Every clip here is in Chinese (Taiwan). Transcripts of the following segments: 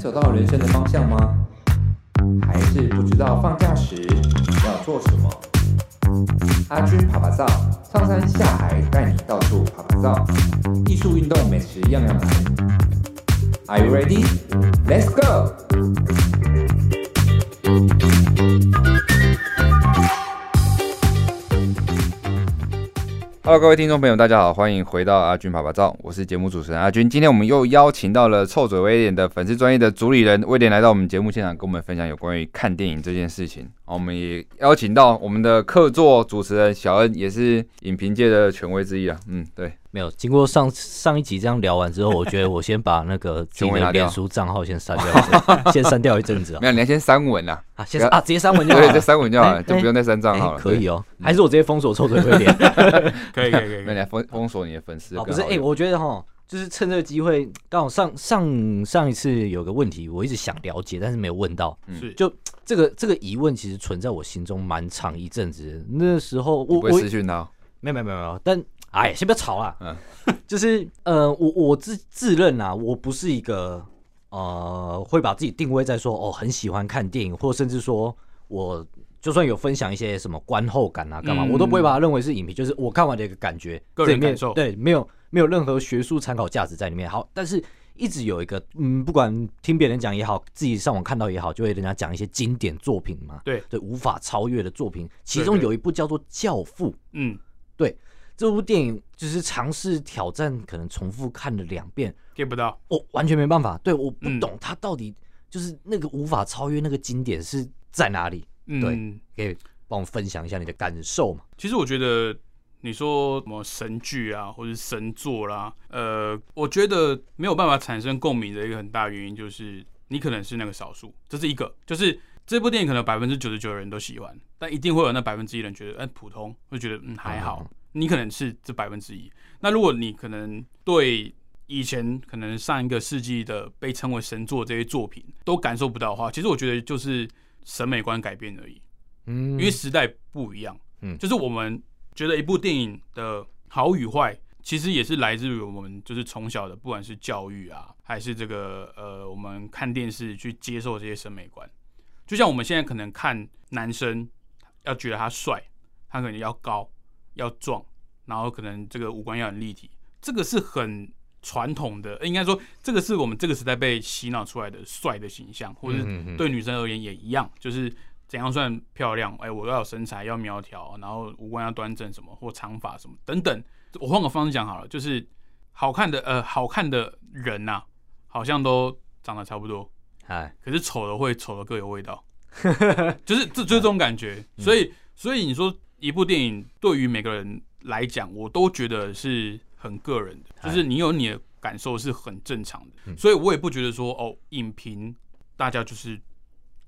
走到人生的方向嗎？還是不知道放假時要做什麼？阿軍趴趴走，上山下海帶你到處趴趴走，藝術、運動、美食樣樣行。Are you ready? Let's go! 哈嘍，各位聽眾朋友，大家好，歡迎回到阿君爸爸照，我是節目主持人阿君。今天我們又邀請到了臭嘴威廉的粉絲專頁的主理人威廉來到我們節目現場，跟我們分享有關於看電影這件事情。我們也邀請到我們的客座主持人小恩，也是影評界的權威之一啊。嗯，對，沒有經過上上一集這樣聊完之後，我覺得我先把那個今的臉書賬號先刪掉，掉 先刪掉一陣子啊。沒有，你先刪文呢？啊，先啊，直接刪文就對，這刪文就不用再刪賬號了、欸欸。可以哦，對還是我直接封鎖臭嘴威廉。 可以可以可以，那 你還封封鎖你的粉絲？可、啊、是，哎、欸，我覺得哈。就是趁這個機會，剛好上上上一次有一個問題，我一直想了解，但是沒有問到。是就這個這個疑問其實存在我心中蠻長一陣子。那時候我我不會失去他，沒有沒有沒有，但哎，先不要吵了。嗯， 就是呃，我我自自認啊，我不是一個呃，會把自己定位在說哦，很喜歡看電影，或甚至說我就算有分享一些什麼觀後感啊幹嘛，嗯、我都不會把它認為是影評，就是我看完的一個感覺。個人感受對沒有。沒有任何學術參考價值在裡面。好，但是一直有一個，嗯，不管聽別人講也好，自己上網看到也好，就會人家講一些經典作品嘛。對對，無法超越的作品，其中有一部叫做《教父》。嗯對，對，這部電影就是嘗試挑戰，可能重複看了兩遍，get 不到，我完全沒辦法。對，我不懂他到底就是那個無法超越那個經典是在哪裡？嗯，對，可以幫我分享一下你的感受嘛？其實我覺得。你說什麼神劇啊，或者神作啦、啊？呃，我覺得沒有辦法產生共鳴的一個很大原因，就是你可能是那個少數，這是一個；就是這部電影可能百分之九十九的人都喜歡，但一定會有那百分之一的人覺得，哎、欸，普通，會覺得嗯還好。嗯、你可能是這百分之一。那如果你可能對以前可能上一個世紀的被稱為神作這些作品都感受不到的話，其實我覺得就是審美觀改變而已，嗯，因為時代不一樣，嗯，就是我們。覺得一部電影的好與壞，其實也是來自於我們就是從小的，不管是教育啊，還是這個呃，我們看電視去接受這些審美觀。就像我們現在可能看男生，要覺得他帥，他可能要高、要壯，然後可能這個五官要很立體，這個是很傳統的，應該說這個是我們這個時代被洗腦出來的帥的形象，或者是對女生而言也一樣，就是。怎樣算漂亮？哎、欸，我要有身材要苗條，然後五官要端正，什麼或長髮什麼等等。我換個方式講好了，就是好看的呃，好看的人吶、啊，好像都長得差不多。哎，Hi. 可是醜的會醜的各有味道， 就是這就，就這種感覺。Yeah. 所以，所以你說一部電影對於每個人來講，我都覺得是很個人的，就是你有你的感受是很正常的。Hi. 所以我也不覺得說哦，影評大家就是。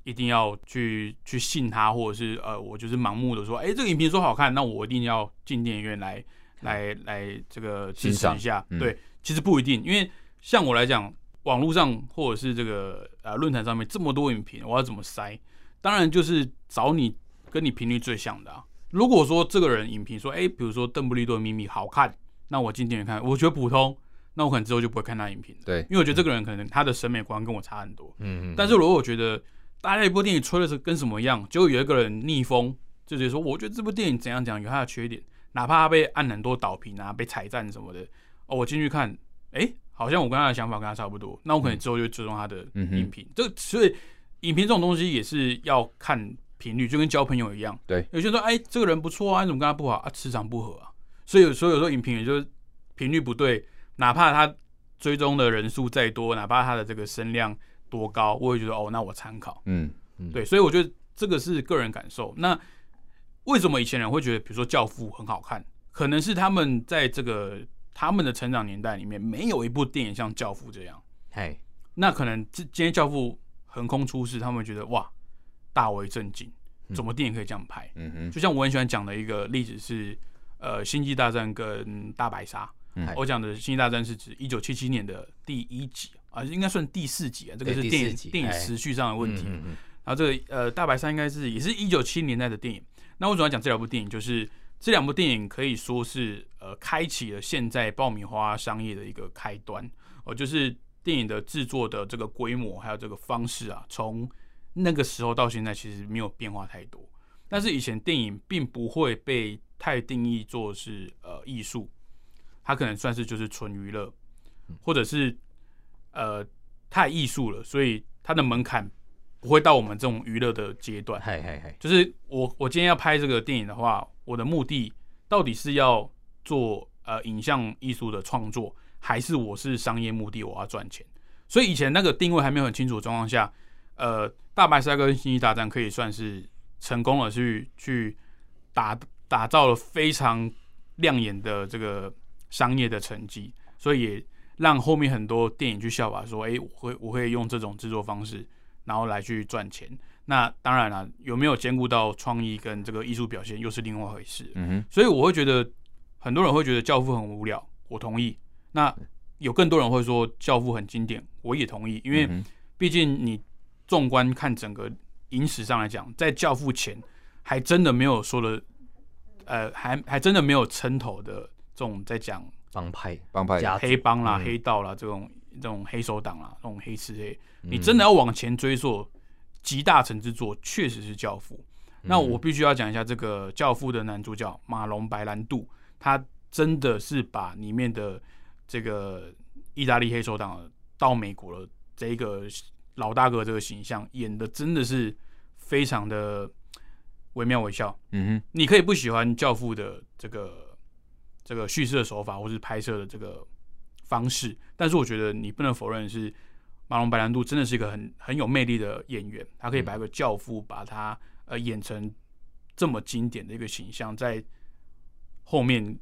一定要去去信他，或者是呃，我就是盲目的說，欸，這個影評說好看，那我一定要進電影院來來來這個欣賞一下。嗯，對，其實不一定，因為像我來講，網絡上或者是這個呃論壇上面這麼多影評，我要怎麼篩？當然就是找你跟你頻率最像的啊。如果說這個人影評說，欸，比如說《鄧布利多的秘密》好看，那我進電影院看，我覺得普通，那我可能之後就不會看他影評。對，因為我覺得這個人可能他的審美觀跟我差很多。嗯嗯嗯。但是如果我覺得大家一部電影吹的是跟什麼一樣，就有一個人逆風就直接說，我覺得這部電影怎樣講怎樣，有它的缺點，哪怕它被按很多倒讚啊，被踩站什麼的，哦，我進去看，哎、欸，好像我跟他的想法跟他差不多，那我可能之後就追蹤他的影評。這、嗯嗯、所以影評這種東西也是要看頻率，就跟交朋友一樣。對，有些人說，哎、欸，這個人不錯啊，你怎麼跟他不好啊？磁、啊、場不合啊。所以有時候有時候影評也就是頻率不對，哪怕他追蹤的人數再多，哪怕他的這個聲量。多高？我會覺得哦，那我參考嗯。嗯，對，所以我覺得這個是個人感受。那為什麼以前人會覺得，比如說《教父》很好看？可能是他們在這個他們的成長年代裡面，沒有一部電影像《教父》這樣。嘿那可能這今天《教父》橫空出世，他們覺得哇，大為震驚，怎麼電影可以這樣拍？嗯，就像我很喜歡講的一個例子是，呃，《星際大戰》跟《大白鯊》嗯。我講的《星際大戰》是指一九七七年的第一集。啊，應該算第四集啊，這個是電影第四電影時序上的問題。哎、嗯嗯嗯，然後這個呃，《大白鯊》應該是也是一九七零年代的電影。那我主要講這兩部電影，就是這兩部電影可以說是呃，開啟了現在爆米花商業的一個開端。哦、呃，就是電影的製作的這個規模，還有這個方式啊，從那個時候到現在，其實沒有變化太多。但是以前電影並不會被太定義作是呃藝術，它可能算是就是純娛樂，或者是。呃，太藝術了，所以它的門檻不會到我們這種娛樂的階段。嘿嘿嘿。就是我我今天要拍這個電影的話，我的目的到底是要做呃影像藝術的創作，還是我是商業目的，我要賺錢？所以以前那個定位還沒有很清楚的狀況下，呃，《大白鯊》跟《星際大戰》可以算是成功了去，去去打打造了非常亮眼的這個商業的成績，所以也。讓後面很多電影去效法，說：“哎、欸，我會我會用這種制作方式，然後來去賺錢。”那當然了、啊，有沒有兼顧到創意跟這個藝術表現，又是另外一回事。嗯哼。所以我會覺得很多人會覺得《教父》很無聊，我同意。那有更多人會說《教父》很經典，我也同意。因為畢竟你縱觀看整個影史上來講，在《教父》前還真的沒有說的，呃，還還真的沒有撐頭的這種在講。幫派，幫派，黑幫啦，嗯、黑道啦，這種這種黑手黨啦，這種黑吃黑，嗯、你真的要往前追溯，集大成之作確實是教父。嗯、那我必須要講一下這個教父的男主角馬龍白蘭度，他真的是把裡面的這個意大利黑手黨到美國了這個老大哥這個形象演的真的是非常的惟妙惟肖。嗯哼，你可以不喜歡教父的這個。這個敘事的手法，或是拍攝的這個方式，但是我覺得你不能否認是馬龍白蘭度真的是一個很很有魅力的演員，他可以把一個教父把他呃演成這麼經典的一個形象，在後面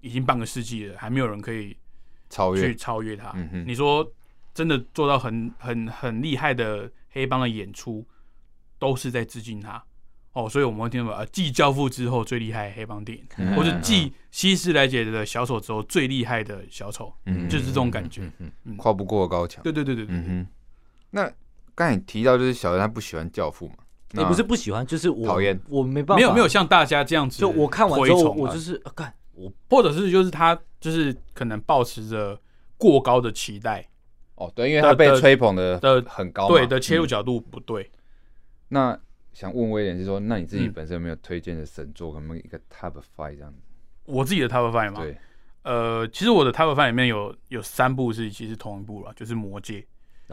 已經半個世紀了，還沒有人可以超越去超越他。越、嗯哼、你說真的做到很很很厲害的黑幫的演出，都是在致敬他。哦，所以我們會聽到啊，繼《教父》之後最厲害的黑幫電影，嗯、或者繼《希斯萊傑》的小丑之後最厲害的小丑，嗯、就是這種感覺，跨不過高牆。對對對對。嗯哼。那剛才你提到就是小人他不喜歡《教父》嘛，也、欸、不是不喜歡，就是我討厭，厭我沒辦法。沒有沒有像大家這樣子，就我看完之後，我就是幹、啊、我，或者是就是他，就是可能抱持着過高的期待。哦，對，因為他被吹捧的很高，對的、的、的切入角度不對。嗯、那。想問威廉，是說，那你自己本身有沒有推薦的神作，可、嗯、能、能一個 Top Five 這樣子？我自己的 Top Five 嗎？對，呃，其實我的 Top Five 裡面有有三部是其實同一部了，就是魔戒《魔戒》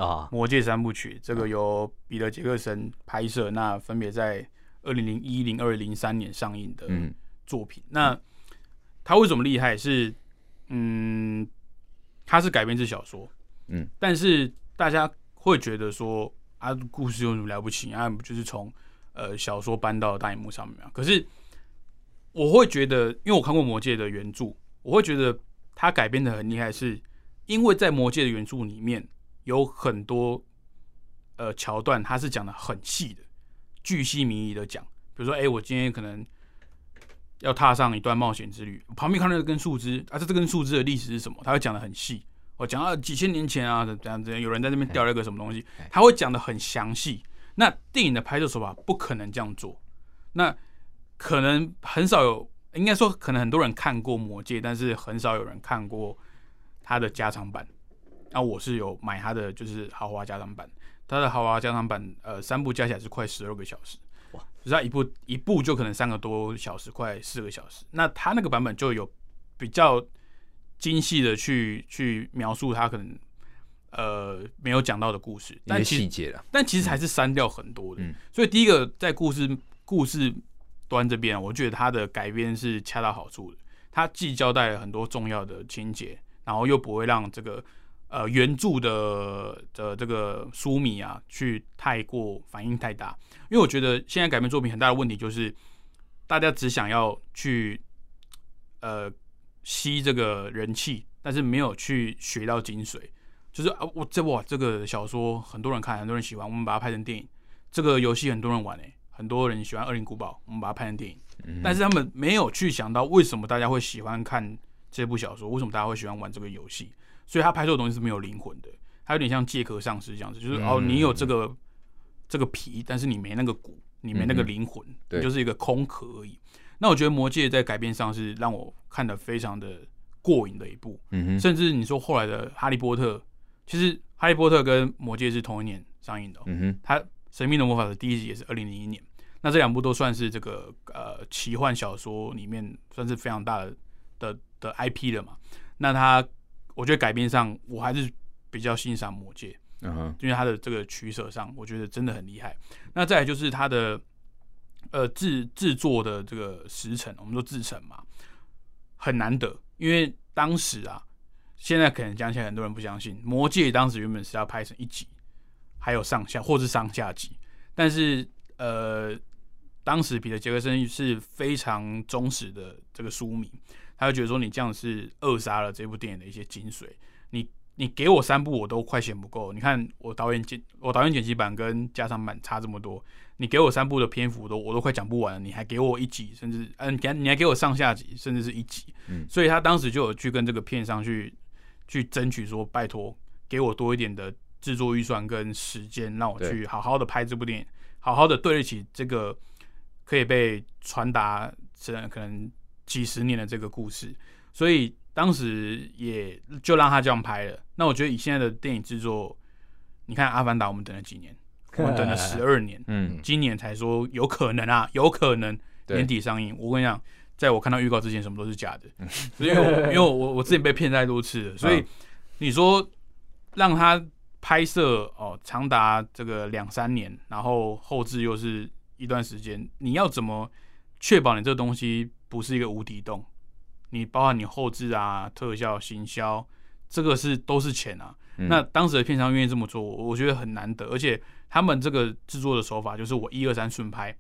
啊，《魔戒》三部曲，這個由彼得·傑克森拍攝，那分別在二零零一、零二、零三年上映的作品。嗯、那他為什麼厲害是？是嗯，他是改編自小說，嗯，但是大家會覺得說啊，故事有什麼了不起啊？就是從呃，小說搬到大熒幕上面啊，可是我會覺得，因為我看過《魔戒》的原著，我會覺得它改編的很厲害，是因為在《魔戒》的原著裡面有很多呃橋段，它是講的很細的，巨細靡遺的講。比如說，哎、欸，我今天可能要踏上一段冒險之旅，旁邊看到一根樹枝，啊，這這根樹枝的歷史是什麼？他會講的很細，我講到、啊、幾千年前啊，怎樣怎樣，有人在那邊掉了一個什麼東西，他會講的很詳細。那電影的拍攝手法不可能這樣做，那可能很少有，應該說可能很多人看過《魔戒》，但是很少有人看過他的加長版。那我是有買他的，就是豪華加長版。他的豪華加長版，呃，三部加起來是快十二個小時，哇！Wow. 只要一部一部就可能三個多小時，快四個小時。那他那個版本就有比較精細的去去描述他可能。呃，沒有講到的故事，啦，但細節了，嗯、但其實還是刪掉很多的。嗯、所以，第一個在故事故事端這邊、啊，我覺得它的改編是恰到好處的。它既交代了很多重要的情節，然後又不會讓這個呃原著的的這個書迷啊去太過反應太大。因為我覺得現在改編作品很大的問題就是，大家只想要去呃吸這個人氣，但是沒有去學到精髓。就是啊，我這哇，這個小說很多人看，很多人喜歡。我們把它拍成電影。這個遊戲很多人玩誒、欸，很多人喜歡《惡靈古堡》，我們把它拍成電影。嗯、哼但是他們沒有去想到，為什麼大家會喜歡看這部小說？為什麼大家會喜歡玩這個遊戲？所以，他拍出的東西是沒有靈魂的。它有點像借殼上市這樣子，就是、嗯、哦，你有這個這個皮，但是你沒那個骨，你沒那個靈魂，嗯、哼你就是一個空殼而已。對那我覺得《魔戒》在改編上是讓我看得非常的過癮的一部。嗯哼。甚至你說後來的《哈利波特》。其實《哈利波特》跟《魔戒》是同一年上映的，喔，嗯哼，它《神秘的魔法》的第一集也是二零零一年，那這兩部都算是這個呃奇幻小說裡面算是非常大的的的 IP 了嘛。那它，我覺得改編上我還是比較欣賞《魔戒》，嗯哼，因為它的這個取舍上，我覺得真的很厲害。那再來就是它的呃制製作的這個時程，我們說制程嘛，很難得，因為當時啊。現在可能講起來，很多人不相信《魔戒》當時原本是要拍成一集，還有上下，或是上下集。但是，呃，當時彼得·傑克森是非常忠實的這個書迷，他就覺得說你這樣是扼殺了這部電影的一些精髓。你你給我三部，我都快嫌不夠。你看我導演剪，我導演剪輯版跟加長版差這麼多，你給我三部的篇幅都我都快講不完了，你還給我一集，甚至嗯、啊，你還給我上下集，甚至是一集。嗯，所以他當時就有去跟這個片商去。去爭取說，拜託給我多一點的製作預算跟時間，讓我去好好的拍這部電影，對好好的對得起這個可以被傳達成可能幾十年的這個故事。所以當時也就讓他這樣拍了。那我覺得以現在的電影製作，你看《阿凡達》，我們等了幾年，我們等了十二年，嗯，今年才說有可能啊，有可能年底上映。對我跟你講。在我看到預告之前，什麼都是假的，因為 因為我 因為我自己被騙太多次了，所以你說讓他拍攝哦、呃，長達這個兩三年，然後後製又是一段時間，你要怎麼確保你這東西不是一個無底洞？你包含你後製啊、特效、行銷，這個是都是錢啊。嗯、那當時的片商願意這麼做，我覺得很難得，而且他們這個制作的手法就是我一二三順拍，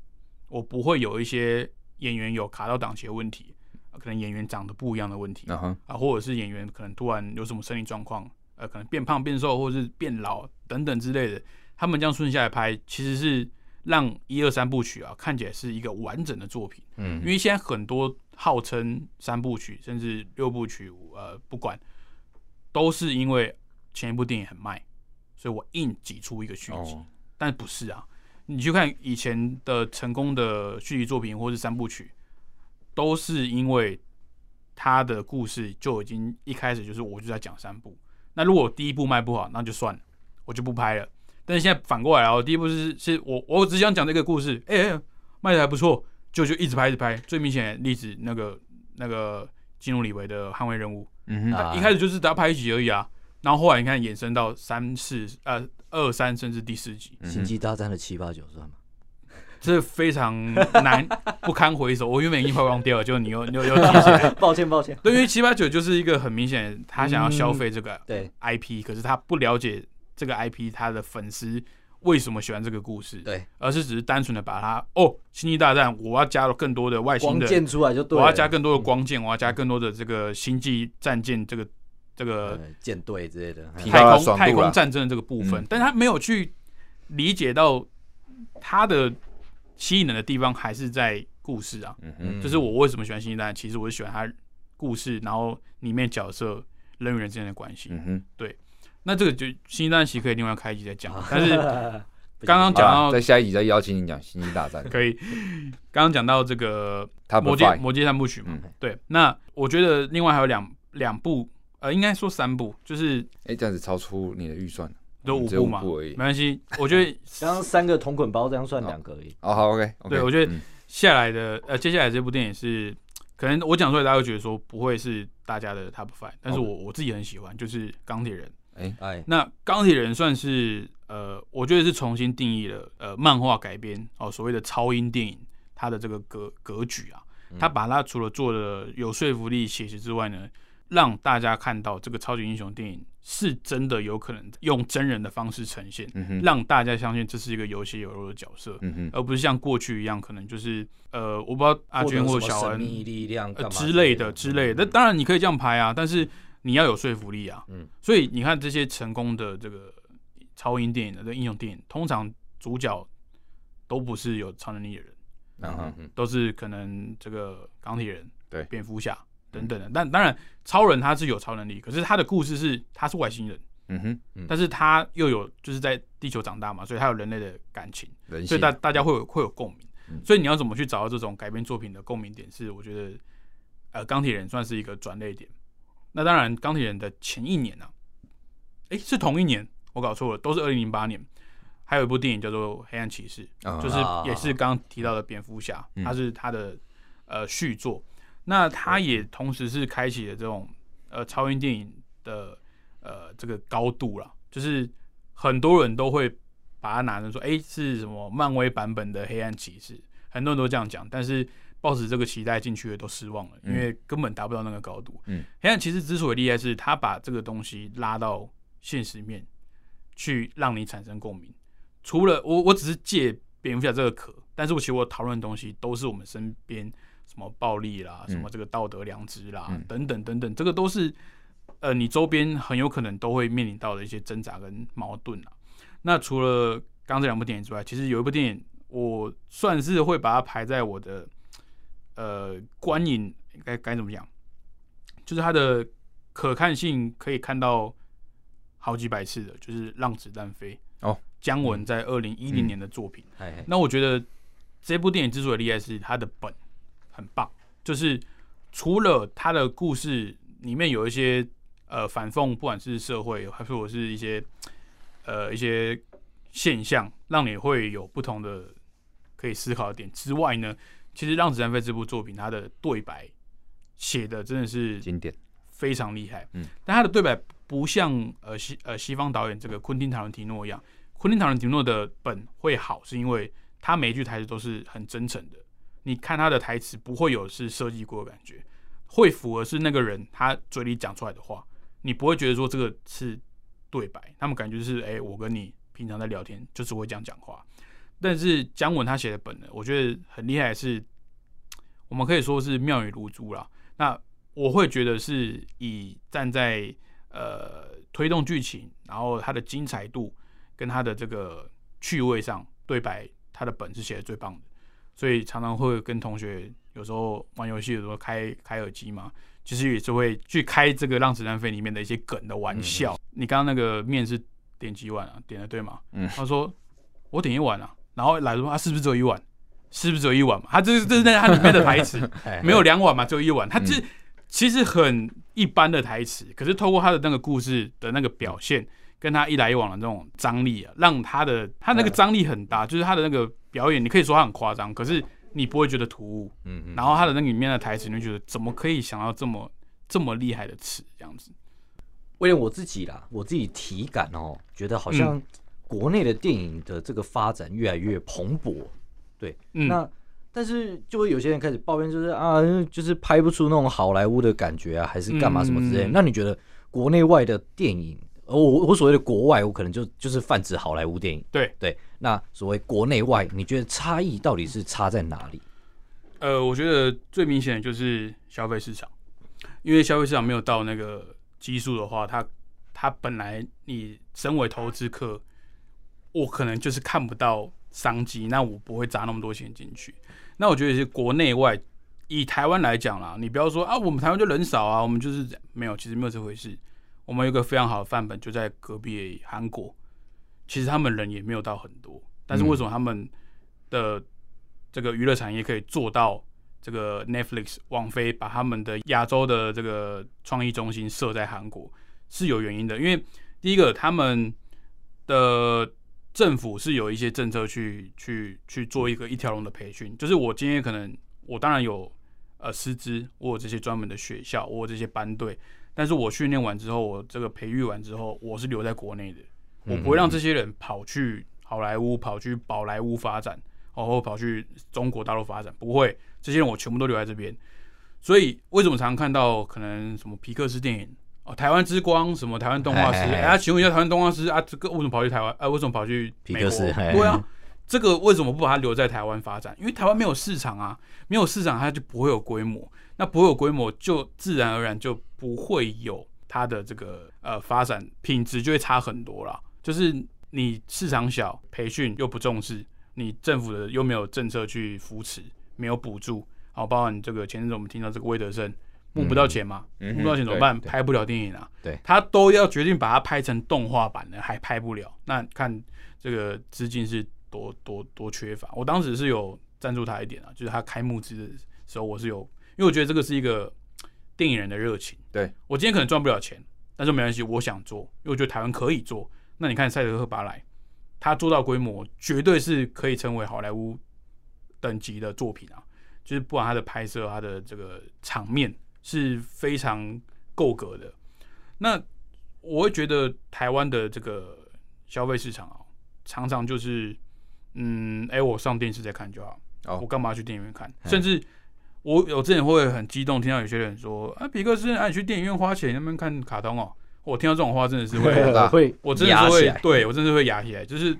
我不會有一些。演員有卡到檔期的問題，呃，可能演員長得不一樣的問題啊，uh huh. 呃，或者是演員可能突然有什麼生理狀況，呃，可能變胖變瘦或者是變老等等之類的，他們這樣順下來拍，其實是讓一二三部曲啊看起來是一個完整的作品。嗯，因為現在很多號稱三部曲甚至六部曲，呃，不管都是因為前一部電影很賣，所以我硬擠出一個續集，oh. 但不是啊。你去看以前的成功的續集作品或者三部曲，都是因為他的故事就已經一開始就是我就在講三部。那如果第一部賣不好，那就算了，我就不拍了。但是現在反過來哦，第一部是是我我只想講這個故事，哎、欸欸，賣的還不錯，就就一直拍一直拍。最明顯例子那個那個基努里維的《捍衛任務》嗯哼啊啊，嗯，一開始就是打算拍一集而已啊。然後後來你看衍生到三四呃二三甚至第四集，《星際大戰》的七八九算、嗯、這非常難不堪回首。 我原本一會兒忘掉了，就你又你又提醒 又。 抱歉抱歉。對於七八九，就是一個很明顯，他想要消費這個 IP,、嗯、對 IP，可是他不了解這個 IP，他的粉絲為什麼喜歡這個故事，對，而是只是單純的把它哦，《星際大戰》，我要加入更多的外星的光劍出來就對，我要加更多的光劍，嗯、我要加更多的這個星際戰艦這個。這個艦隊之類的，太空太空戰爭的這個部分，但他沒有去理解到他的吸引人的地方還是在故事啊，就是我為什麼喜歡《星際大戰》，其實我是喜歡他故事，然後裡面角色人與人之間的關係。對，那這個就《星際大戰》其實可以另外開一集再講，但是剛剛講到在下一集再邀請你講《星際大戰》可以。剛剛講到這個《魔戒》《魔戒三部曲》嘛，對，那我覺得另外還有兩兩部。啊，應該說三部，就是哎、欸，這樣子超出你的預算了，就五部嘛，沒關係。 我覺得像三個同綑包這樣算兩個而已。哦好，OK，OK。對，我覺得下來的、嗯、呃，接下來這部電影是可能我講出來，大家會覺得說不會是大家的 Top Five，但是我、oh. 我自己很喜歡，就是鋼鐵人。哎、欸，那鋼鐵人算是呃，我覺得是重新定義了呃，漫畫改編哦，所謂的超英電影，它的這個格格局啊，它把它除了做的有說服力、寫實之外呢。讓大家看到這個超級英雄電影是真的有可能用真人的方式呈現，嗯、哼讓大家相信這是一個有血有肉的角色，嗯、哼而不是像過去一樣可能就是呃，我不知道阿娟或小恩之類的之類的。那、嗯嗯、當然你可以這樣拍啊，但是你要有說服力啊。嗯、所以你看這些成功的這個超英電影的這個、英雄電影，通常主角都不是有超能力的人、啊嗯嗯，都是可能這個鋼鐵人、嗯、對蝙蝠俠。等等的，但當然，超人他是有超能力，可是他的故事是他是外星人，嗯哼，嗯，但是他又有就是在地球長大嘛，所以他有人類的感情，人性，所以大大家會有會有共鳴。嗯、所以你要怎麼去找到這種改編作品的共鳴點？是我覺得，呃，鋼鐵人算是一個轉捩點。那當然，鋼鐵人的前一年呢、啊，誒、欸，是同一年，我搞錯了，都是二零零八年，還有一部電影叫做《黑暗騎士》，嗯、就是也是剛剛提到的蝙蝠俠，他是他的呃續作。那他也同時是開啟了這種呃超英電影的呃這個高度啦，就是很多人都會把它拿成說，哎、欸，是什麼漫威版本的黑暗騎士，很多人都這樣講，但是抱持這個期待進去的都失望了，因為根本達不到那個高度。嗯，黑暗騎士之所以厲害是，是他把這個東西拉到現實面去，讓你產生共鳴。除了我，我只是借蝙蝠俠這個殼，但是我其實我討論的東西都是我們身邊。什麼暴力啦，什麼這個道德良知啦，嗯、等等等等，這個都是呃，你周邊很有可能都會面臨到的一些掙扎跟矛盾啦。那除了剛這兩部電影之外，其實有一部電影，我算是會把它排在我的呃觀影應該該怎麼講，就是它的可看性可以看到好幾百次的，就是《讓子彈飛》哦，姜文在二零一零年的作品。嗯嗯、嘿嘿。那我覺得這部電影之所以厲害，是它的本。很棒，就是除了他的故事裡面有一些呃反諷，不管是社會還是我是一些呃一些現象，讓你會有不同的可以思考的點之外呢，其實《讓子彈飛》這部作品它的對白寫的真的是經典，非常厲害。嗯，但他的對白不像呃西呃西方導演這個昆汀塔倫提諾一樣，昆汀塔倫提諾的本會好是因為他每一句台詞都是很真誠的。你看他的台詞不會有是設計過的感覺，會符合是那個人他嘴裡講出來的話，你不會覺得說這個是對白，他們感覺是誒、欸，我跟你平常在聊天就是會這樣講話。但是姜文他寫的本呢，我覺得很厲害，是我們可以說是妙語如珠了。那我會覺得是以站在呃推動劇情，然後他的精彩度跟他的這個趣味上，對白他的本是寫的最棒的。所以常常會跟同學有時候玩遊戲，有時候開開耳機嘛，其、就、實、是、也是會去開這個《讓子彈飛》裡面的一些梗的玩笑。嗯嗯、你剛剛那個麵是點幾碗啊？點的對嗎？嗯，他說我點一碗啊，然後來說他、啊、是不是只有一碗？是不是只有一碗？他這、就是這、就是那個他裡面的台詞， 沒有兩碗嘛，只有一碗。他這、嗯、其實很一般的台詞，可是透過他的那個故事的那個表現，嗯、跟他一來一往的這種張力啊，讓他的他那個張力很大，嗯、就是他的那個。表演，你可以說他很誇張，可是你不會覺得突兀。嗯嗯哼。然後他的那個裡面的台詞，你覺得怎麼可以想到這麼這麼厲害的詞這樣子？為了我自己啦，我自己體感哦、喔，覺得好像國內的電影的這個發展越來越蓬勃。嗯、對，那但是就會有些人開始抱怨，就是啊，就是拍不出那種好萊塢的感覺啊，還是幹嘛什麼之類的。嗯、那你覺得國內外的電影？我我所謂的國外，我可能就就是泛指好萊塢電影。對對。對那所謂國內外，你覺得差異到底是差在哪裡？呃，我覺得最明顯的就是消費市場。因為消費市場沒有到那個基數的話，它它本來你身為投資客，我可能就是看不到商機，那我不會砸那麼多錢進去。那我覺得是國內外，以台灣來講啦，你不要說啊，我們台灣就人少啊，我們就是沒有，其實沒有這回事。我們有一個非常好的範本，就在隔壁韓國。其實他們人也沒有到很多，但是為什麼他們的這個娛樂產業可以做到這個 Netflix、網飛把他們的亞洲的這個創意中心設在韓國是有原因的。因為第一個，他們的政府是有一些政策去去去做一個一條龍的培訓。就是我今天可能我當然有呃師資，我有這些專門的學校，我有這些班隊，但是我訓練完之後，我這個培育完之後，我是留在國內的。我不會讓這些人跑去好萊塢、跑去寶萊塢發展，然後、哦、跑去中國大陸發展。不會，這些人我全部都留在這邊。所以為什麼常，常看到可能什麼皮克斯電影哦，台灣之光什麼台灣動畫師？哎，哎，哎、啊，請問一下台灣動畫師啊，這個為什麼跑去台灣？啊，為什麼跑去美國？對啊， 這個為什麼不把它留在台灣發展？因為台灣沒有市場啊，沒有市場它就不會有規模，那不會有規模就自然而然就不會有它的這個呃發展品質就會差很多啦。就是你市場小，培訓又不重視，你政府的又沒有政策去扶持，沒有補助，好，包括你這個前陣子我們聽到這個魏德聖募不到錢嘛，嗯哼，募不到錢怎麼辦？拍不了電影啊，對，他都要決定把它拍成動畫版的，還拍不了，那看這個資金是多多多缺乏。我當時是有贊助他一點啊，就是他開募資的時候，我是有，因為我覺得這個是一個電影人的熱情，對，我今天可能賺不了錢，但是沒關係，我想做，因為我覺得台灣可以做。那你看《賽德克·巴萊》，他做到規模絕對是可以成為好萊塢等級的作品啊！就是不管他的拍攝、他的這個場面是非常夠格的。那我會覺得台灣的這個消費市場啊，常常就是，嗯，哎、欸，我上電視再看就好，oh, 我幹嘛去電影院看？嘿甚至我有陣子會很激動，聽到有些人說啊，皮克斯啊，你去電影院花錢在那邊看卡通哦。我聽到這種話，真的是會，我會，我真的是會，對，我真的是會牙起來。就是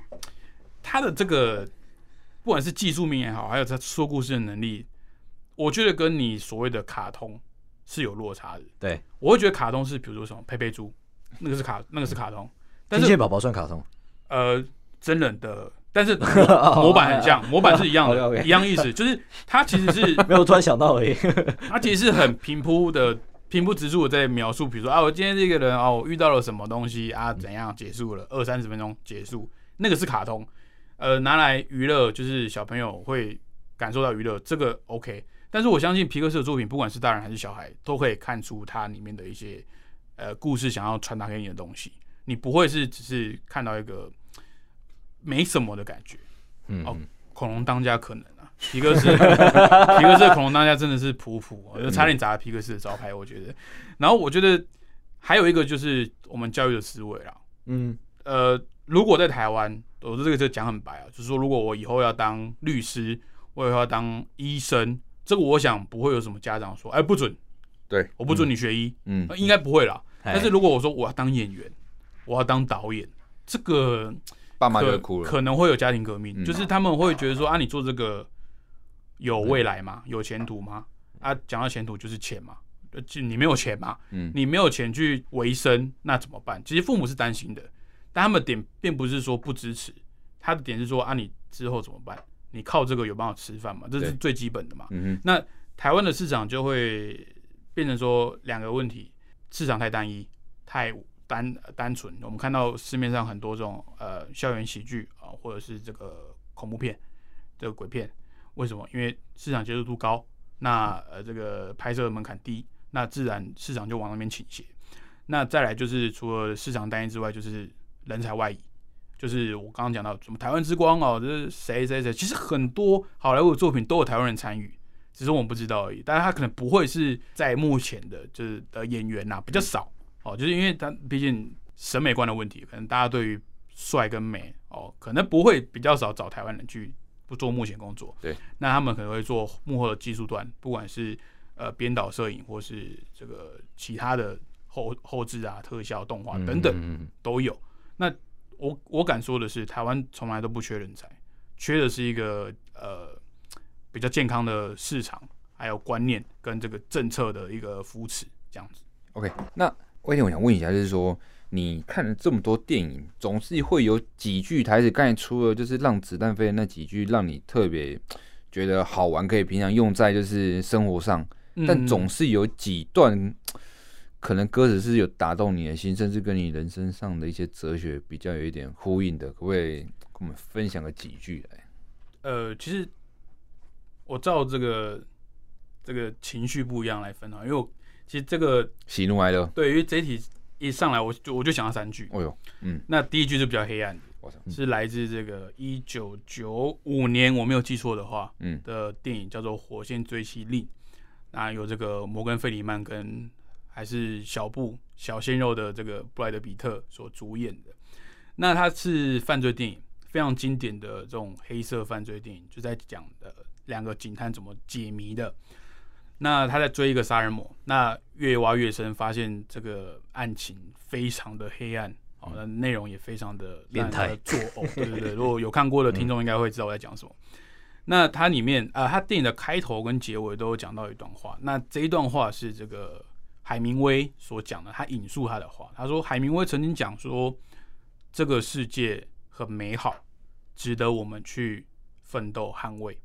他的這個，不管是技術面也好，還有他說故事的能力，我覺得跟你所謂的卡通是有落差的。對，我會覺得卡通是，比如說什麼佩佩豬，那個是卡，那個是卡通。但是寶寶算卡通？呃，真人的，但是模板很像，模板是一樣的，一樣意思。就是他其實是沒有突然想到而已，他其實是很平鋪的。平鋪直敘我在描述，比如說啊，我今天這個人啊，我遇到了什麼東西啊，怎樣結束了，二三十分鐘結束，那個是卡通，呃，拿來娛樂，就是小朋友會感受到娛樂，這個 OK。但是我相信皮克斯的作品，不管是大人還是小孩，都可以看出它裡面的一些呃故事，想要傳達給你的東西，你不會是只是看到一個沒什麼的感覺，嗯，恐龍當家可能。皮克斯， 皮克斯恐龍當家真的是普普，啊，就差點砸了皮克斯的招牌。我覺得，然後我覺得還有一個就是我們教育的思維啊，嗯，呃，如果在台灣，我說這個就講很白啊，就是說，如果我以後要當律師，我以後要當醫生，這個我想不會有什麼家長說，哎，不准，對，我不准你學醫，嗯，應該不會啦。但是如果我說我要當演員，我要當導演，這個爸媽就哭了，可能會有家庭革命，就是他們會覺得說，啊，你做這個。有未來嗎？有前途嗎？啊，講到前途就是錢嘛，就你沒有錢嘛，你沒有錢、嗯、沒有錢去維生，那怎麼辦？其實父母是擔心的，但他們點並不是說不支持，他的點是說啊，你之後怎麼辦？你靠這個有辦法吃飯嗎？這是最基本的嘛。嗯哼。那台灣的市場就會變成說兩個問題：市場太單一、太單、呃、單純。我們看到市面上很多這種呃校園喜劇啊、呃，或者是這個恐怖片、這個鬼片。為什麼？因為市場接受度高，那呃這個拍攝的門檻低，那自然市場就往那邊傾斜。那再來就是除了市場單一之外，就是人才外移，就是我剛剛講到什麼台灣之光哦，就是誰誰誰，其實很多好萊塢的作品都有台灣人參與，只是我們不知道而已。但是他可能不會是在目前的就是的演員吶、啊、比較少、嗯、哦，就是因為他畢竟審美觀的問題，可能大家對於帥跟美哦，可能不會比較少找台灣人去。不做幕前工作，對，那他們可能會做幕後的技術端，不管是呃編導、攝影，或是這個其他的後後置啊、特效、動畫等等都有。嗯嗯嗯嗯那我我敢說的是，台灣從來都不缺人才，缺的是一個呃比較健康的市場，還有觀念跟這個政策的一個扶持，這樣子。OK，那關鍵我想問一下，就是說。你看了這麼多電影，總是會有幾句台詞。剛才出了就是《讓子彈飛》的那幾句，讓你特別覺得好玩，可以平常用在就是生活上。嗯、但總是有幾段，可能歌詞是有打動你的心，甚至跟你人生上的一些哲學比較有一點呼應的。可不可以跟我們分享個幾句來？呃，其實我照這個這個情緒不一樣來分啊，因為我其實這個喜怒哀樂，對，因為這一題。一上來我就我就講了三句。哦、哎、呦，嗯，那第一句是比較黑暗，嗯、是來自這個一九九五年我沒有記錯的話，嗯、的電影，叫做《火線追緝令》，嗯、那有這個摩根·費里曼跟還是小布小鮮肉的這個布萊德·彼特所主演的。那它是犯罪電影，非常經典的這種黑色犯罪電影，就在講的兩個警探怎麼解謎的。那他在追一個殺人魔，那越挖越深，發現這個案情非常的黑暗，嗯、哦，內容也非常的令人作嘔，態對對對。如果有看過的聽眾應該會知道我在講什麼。嗯、那它裡面啊，它、呃、電影的開頭跟結尾都有講到一段話。那這一段話是這個海明威所講的，他引述他的話，他說海明威曾經講說，這個世界很美好，值得我們去奮鬥捍衛，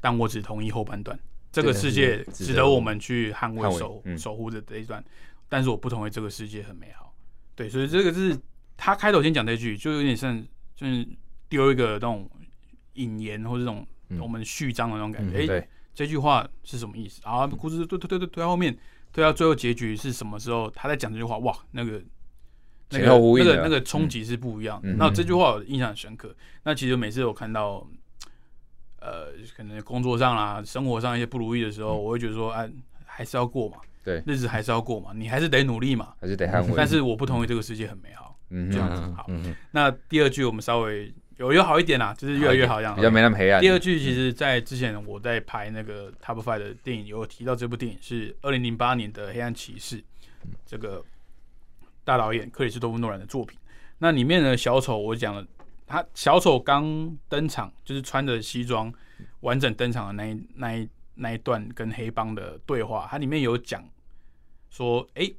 但我只同意後半段。這個世界值得我們去捍衛、守守護的這一段，但是我不同意這個世界很美好。對，所以這個是他開頭先講這句，就有點像，就是丟一個那種引言或這種我們序章的那種感覺。哎，這句話是什麼意思？啊，故事推推推推到後面，推到最後結局是什麼時候？他在講這句話，哇，那個那個那個那個衝擊是不一樣的。那這句話我印象很深刻。那其實每次我看到。呃，可能工作上啦、啊，生活上一些不如意的時候，嗯、我會覺得說，哎、啊，還是要過嘛，對，日子還是要過嘛，你還是得努力嘛，還是得捍衛、嗯、但是我不同意這個世界很美好，這樣 好。好嗯、哼那第二句我們稍微有有好一點啦，就是越來越好，這樣，比較沒那麼黑暗。第二句其實，在之前我在拍那個 Top Five 的電影，有提到這部電影是二零零八年的《黑暗騎士》，嗯，這個大導演克里斯多夫諾蘭的作品。那裡面的小丑，我講了。他小丑剛登場，就是穿着西裝完整登場的那一那一那一段跟黑幫的對話，它裡面有講說，誒、欸，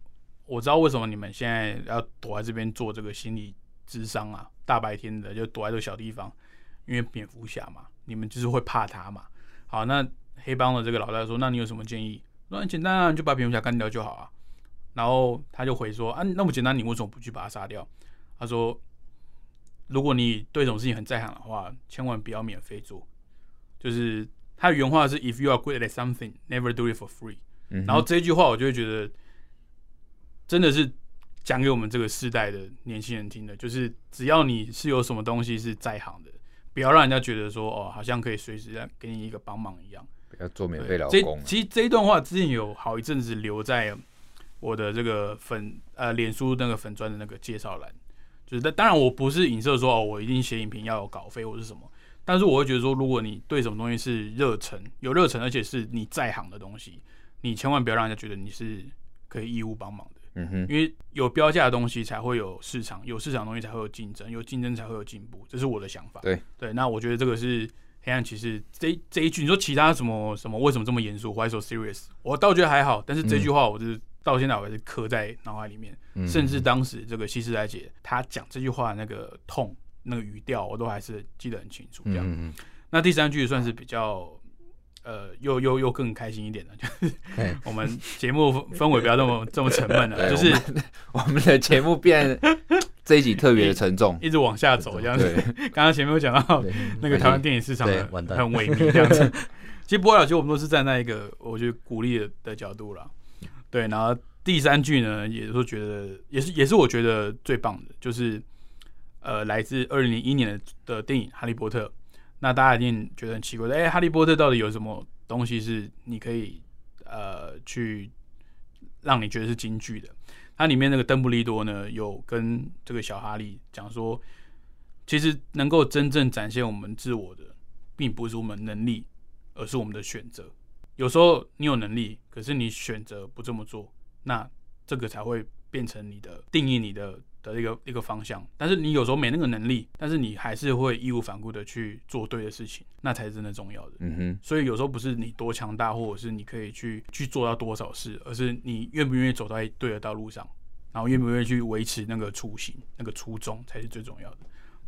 我知道為什麼你們現在要躲在這邊做這個心理諮商啊，大白天的就躲在這個小地方，因為蝙蝠俠嘛，你們就是會怕他嘛。好，那黑幫的這個老大說，那你有什麼建議？說很簡單啊，就把蝙蝠俠幹掉就好啊。然後他就回說，啊，那麼簡單，你為什麼不去把他殺掉？他說。如果你對這種事情很在行的話，千萬不要免費做。就是他原話是 "If you are good at something, never do it for free." 嗯哼，然後這句話我就會覺得真的是講給我們這個世代的年輕人聽的，就是只要你是有什麼東西是在行的，不要讓人家覺得說哦，好像可以隨時給你一個幫忙一樣。不要做免費勞工啊。其實這一段話之前有好一陣子留在我的這個粉呃臉書那個粉專的那個介紹欄。就是當然，我不是影射說哦，我一定寫影評要有稿費或者什麼。但是我會覺得說，如果你對什麼東西是熱忱，有熱忱，而且是你在行的東西，你千萬不要讓人家覺得你是可以義務幫忙的。嗯哼，因為有標價的東西才會有市場，有市場的東西才會有競爭，有競爭才會有進步，這是我的想法。對對，那我覺得這個是黑暗騎士這一這一句，你說其他什麼什麼，為什麼這麼嚴肅，或者說 serious？我倒覺得還好，但是這句話我就是。嗯到現在我還是刻在腦海裡面，嗯、甚至當時這個西施大姐她講這句話那個痛那個語調，我都還是記得很清楚。這樣，嗯嗯、那第三句算是比較、嗯、呃，又又又更開心一點的，就是我們節目氛圍不要這麼這麼沉悶了，就是我們節 的節目變這一集特別沉重， 一直往下走這樣子。剛剛對前面有講到那個台灣電影市場的很，很萎靡這樣子，其實不會啦，其實我們都是在那一個我覺得鼓勵的角度了。對，然後第三句呢，也都覺得也是也是我覺得最棒的，就是，呃，來自二零零一年的的電影《哈利波特》。那大家一定覺得很奇怪，哎，《哈利波特》到底有什麼東西是你可以呃去讓你覺得是京劇的？它裡面那個鄧布利多呢，有跟這個小哈利講說，其實能夠真正展現我們自我的，並不是我們能力，而是我們的選擇。有時候你有能力，可是你選擇不這麼做，那這個才會變成你的定義、你的的一個一個方向。但是你有時候沒那個能力，但是你還是會義無反顧的去做對的事情，那才是真的重要的。嗯哼。所以有時候不是你多強大，或者是你可以去去做到多少事，而是你願不願意走在對的道路上，然後願不願意去維持那個初心、那個初衷才是最重要的。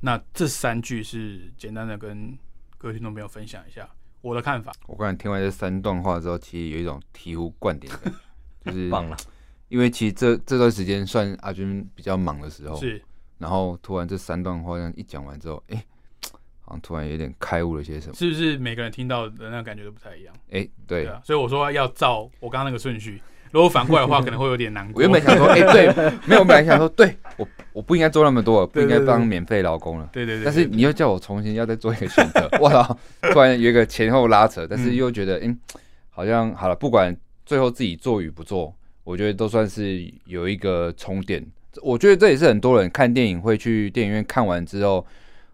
那這三句是簡單的跟各位聽眾朋友分享一下。我的看法，我剛才聽完這三段話之後，其實有一種醍醐灌頂的，就是因為其實這這段時間算阿軍比較忙的時候，是。然後突然這三段話一講完之後，哎，好像突然有點開悟了些什麼。是不是每個人聽到的那感覺都不太一樣？哎，對。所以我說要照我剛剛那個順序，如果反過來的話，可能會有點難過。原本想說，哎，對，沒有，本來想說，對我。我不應該做那麼多，不應該當免費勞工了。對對，但是你又叫我重新要再做一個選擇， 哇，操！突然有一個前後拉扯，但是又覺得，嗯、欸，好像好了，不管最後自己做與不做，我覺得都算是有一個充電。我覺得這也是很多人看電影會去電影院看完之後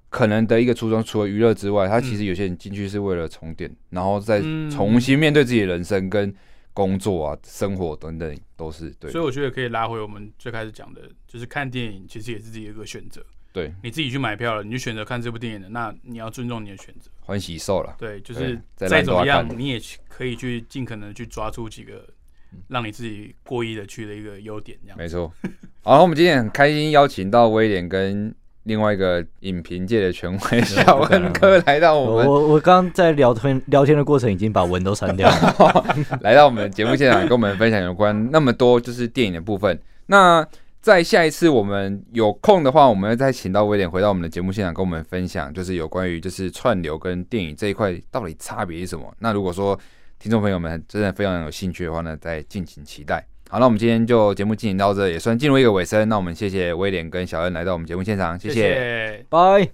可能的一個初衷，除了娛樂之外，他其實有些人進去是為了充電，嗯、然後再重新面對自己的人生跟。工作啊，生活等等都是對，所以我覺得可以拉回我們最開始講的，就是看電影其實也是自己的一個選擇。對，你自己去買票了，你就選擇看這部電影的，那你要尊重你的選擇。歡喜受了，對，就是再怎麼樣，你也可以去盡可能去抓出幾個讓你自己過意的去的一個優點，這樣沒錯。好，我們今天很開心邀請到威廉跟。 另外一個影評界的權威小文哥來到我們、嗯，我我，我，我剛，剛在聊天聊天的過程已經把文都刪掉了， 來到我們的節目現場跟我們分享有關那麼多就是電影的部分。那在下一次我們有空的話，我們再請到威廉回到我們的節目現場跟我們分享，就是有關於就是串流跟電影這一塊到底差別是什麼。那如果說聽眾朋友們真的非常有興趣的話呢，再敬請期待。好，那我們今天就節目進行到這裡，也算進入一個尾聲。那我們謝謝威廉跟小恩來到我們節目現場，謝謝，拜拜。